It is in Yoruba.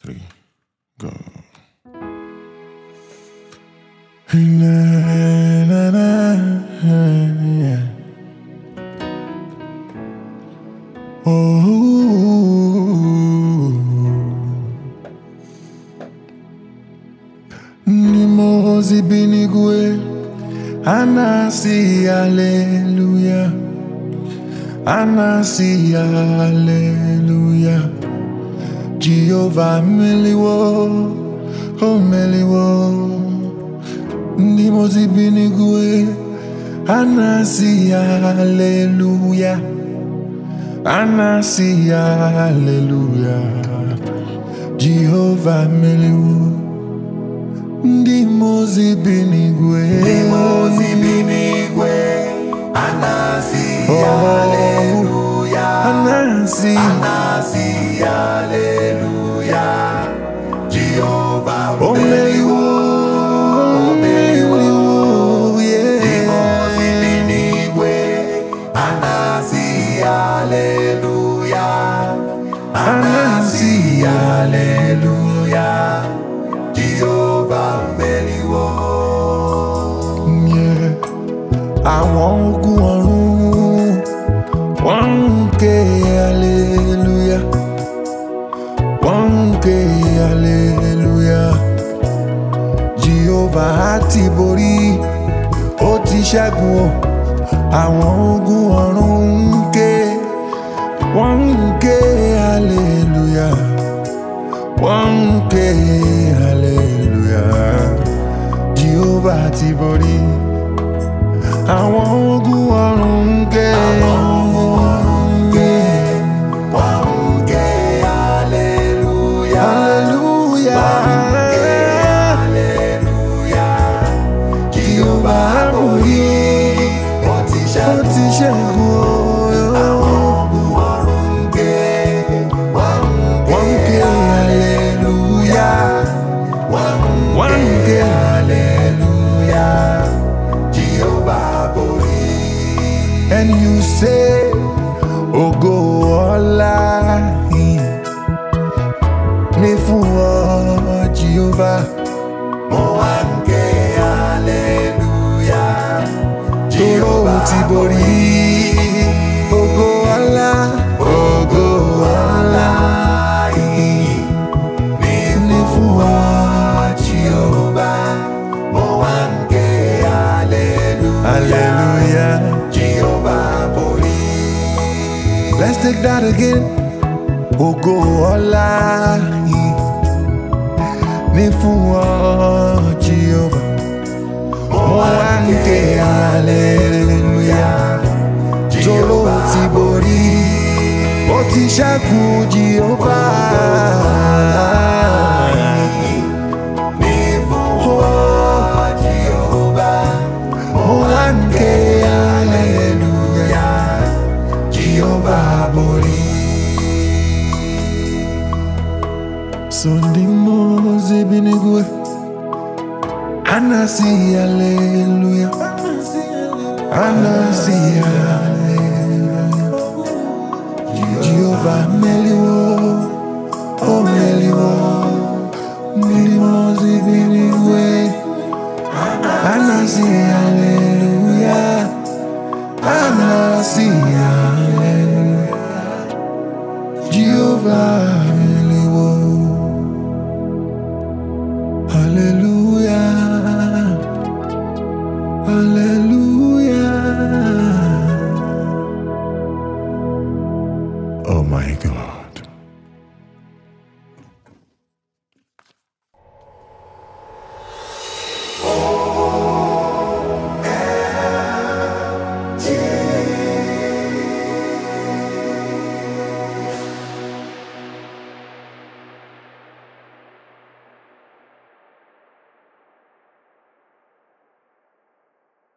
three, go. Oh, oh, oh. hallelujah, anasi hallelujah. Jehovah meliwo, oh meliwo, ndimozi binigwe, anasi hallelujah, anasi hallelujah, Jehovah meliwo, ndimozi binigwe, ndimozi binigwe. Anasi hallelujah. Anasi hallelujah. Jehovah meliwo. Yeah. ogun ọ̀run wọ́n ń ké hallelujah. Wọ́n ń Jehovah á ti borí, ó ti ṣẹ́gun o àwọn ogun ọ̀run ń ké wọ́n ń ké hallelujah wọ́n ń ké hallelujah Jehovah ti borí àwọn ogun. when you say ògo ọlá yìí ní fún ọ Jehovah. mo wá ń ké hallelujah. tó lóun ti borí. take that again. Ògo ọlá yìí ní fún ọ Jehova. Ó wá ń ké hallelujah. Tóró ti borí, ó ti ṣẹ́gun Jehova. sondimo zibinigwe anasi haleluya anasi haleluya jehova meliwo o oh, meliwo milimo zibinigwe anasi haleluya anasi haleluya jehova Hallelujah. Hallelujah. Oh my God.